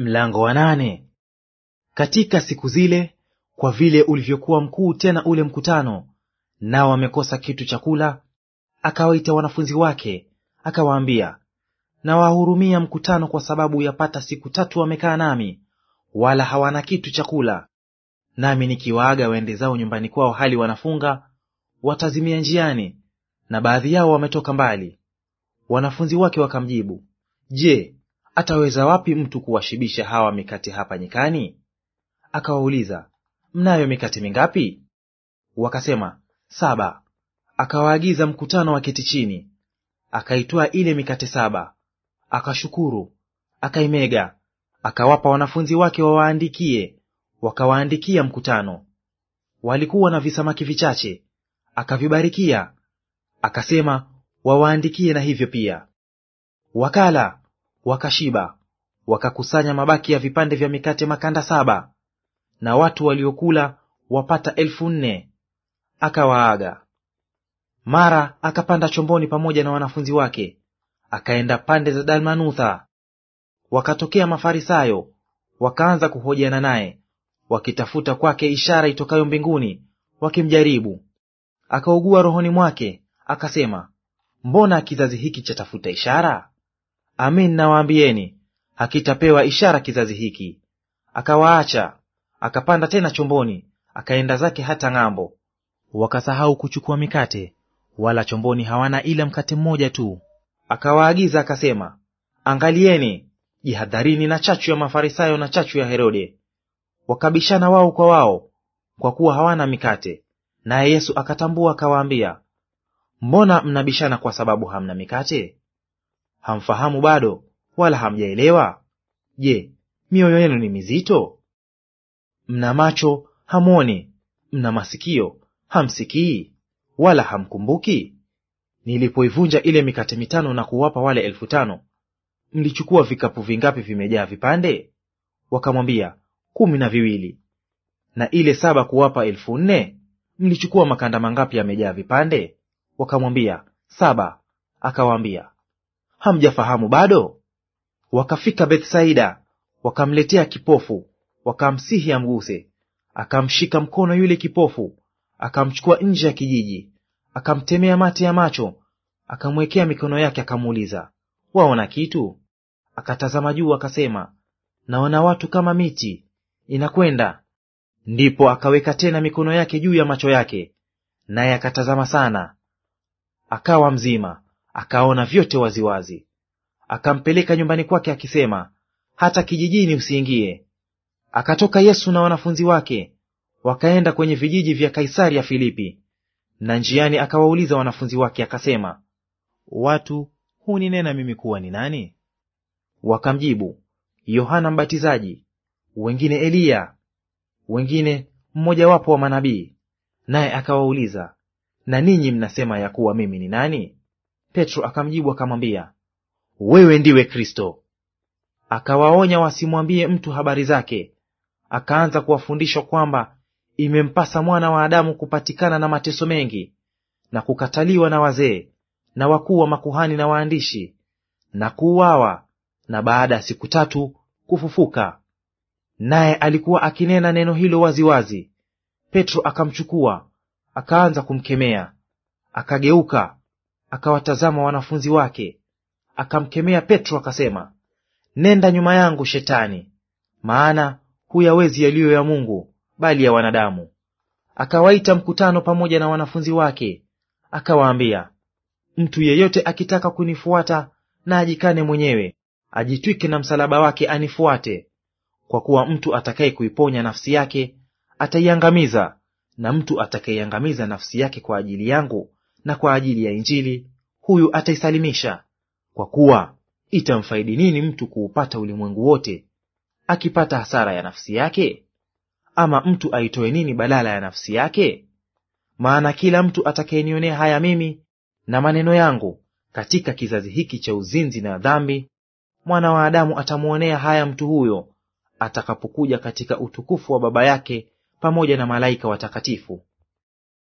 Mlango wa nane. Katika siku zile, kwa vile ulivyokuwa mkuu tena ule mkutano, nao wamekosa kitu cha kula, akawaita wanafunzi wake, akawaambia, nawahurumia mkutano, kwa sababu yapata siku tatu wamekaa nami, wala hawana kitu cha kula. Nami nikiwaaga waende zao nyumbani kwao hali wanafunga, watazimia njiani, na baadhi yao wametoka mbali. Wanafunzi wake wakamjibu, Je, ataweza wapi mtu kuwashibisha hawa mikate hapa nyikani? Akawauliza, mnayo mikate mingapi? Wakasema, saba. Akawaagiza mkutano waketi chini, akaitwaa ile mikate saba, akashukuru, akaimega, akawapa wanafunzi wake wawaandikie, wakawaandikia mkutano. Walikuwa na visamaki vichache, akavibarikia, akasema wawaandikie na hivyo pia. Wakala wakashiba, wakakusanya mabaki ya vipande vya mikate makanda saba, na watu waliokula wapata elfu nne. Akawaaga. Mara akapanda chomboni pamoja na wanafunzi wake, akaenda pande za Dalmanutha. Wakatokea Mafarisayo, wakaanza kuhojiana naye, wakitafuta kwake ishara itokayo mbinguni, wakimjaribu. Akaugua rohoni mwake, akasema, mbona kizazi hiki chatafuta ishara? Amin nawaambieni, hakitapewa ishara kizazi hiki. Akawaacha, akapanda tena chomboni, akaenda zake hata ng'ambo. Wakasahau kuchukua mikate, wala chomboni hawana ila mkate mmoja tu. Akawaagiza akasema, angalieni, jihadharini na chachu ya Mafarisayo na chachu ya Herode. Wakabishana wao kwa wao, kwa kuwa hawana mikate. Naye Yesu akatambua akawaambia, mbona mnabishana kwa sababu hamna mikate? Hamfahamu bado, wala hamjaelewa? Je, mioyo yenu ni mizito? Mna macho hamwoni, mna masikio hamsikii, wala hamkumbuki? Nilipoivunja ile mikate mitano na kuwapa wale elfu tano, mlichukua vikapu vingapi vimejaa vipande? Wakamwambia, kumi na viwili. Na ile saba kuwapa elfu nne, mlichukua makanda mangapi yamejaa vipande? Wakamwambia, saba. Akawaambia, hamjafahamu bado? Wakafika Bethsaida, wakamletea kipofu, wakamsihi amguse. Akamshika mkono yule kipofu, akamchukua nje ya kijiji, akamtemea mate ya macho, akamwekea mikono yake, akamuuliza, waona kitu? Akatazama juu, akasema, naona watu kama miti inakwenda. Ndipo akaweka tena mikono yake juu ya macho yake, naye akatazama sana, akawa mzima akaona vyote waziwazi. Akampeleka nyumbani kwake akisema, hata kijijini usiingie. Akatoka Yesu na wanafunzi wake wakaenda kwenye vijiji vya Kaisaria Filipi. Na njiani akawauliza wanafunzi wake akasema, watu huninena mimi kuwa ni nani? Wakamjibu, Yohana Mbatizaji, wengine Eliya, wengine mmojawapo wa manabii. Naye akawauliza, na ninyi mnasema ya kuwa mimi ni nani? Petro akamjibu akamwambia, wewe ndiwe Kristo. Akawaonya wasimwambie mtu habari zake. Akaanza kuwafundisha kwamba imempasa mwana wa Adamu kupatikana na mateso mengi na kukataliwa na wazee na wakuu wa makuhani na waandishi na kuuawa na baada ya siku tatu kufufuka. Naye alikuwa akinena neno hilo waziwazi wazi. Petro akamchukua akaanza kumkemea. Akageuka akawatazama wanafunzi wake, akamkemea Petro akasema, nenda nyuma yangu Shetani, maana huyawezi yaliyo ya Mungu, bali ya wanadamu. Akawaita mkutano pamoja na wanafunzi wake, akawaambia, mtu yeyote akitaka kunifuata na ajikane mwenyewe, ajitwike na msalaba wake anifuate. Kwa kuwa mtu atakaye kuiponya nafsi yake ataiangamiza, na mtu atakayeiangamiza nafsi yake kwa ajili yangu na kwa ajili ya Injili huyu ataisalimisha. Kwa kuwa itamfaidi nini mtu kuupata ulimwengu wote, akipata hasara ya nafsi yake? Ama mtu aitoe nini badala ya nafsi yake? Maana kila mtu atakayenionea haya mimi na maneno yangu katika kizazi hiki cha uzinzi na dhambi, mwana wa Adamu atamwonea haya mtu huyo atakapokuja katika utukufu wa Baba yake pamoja na malaika watakatifu.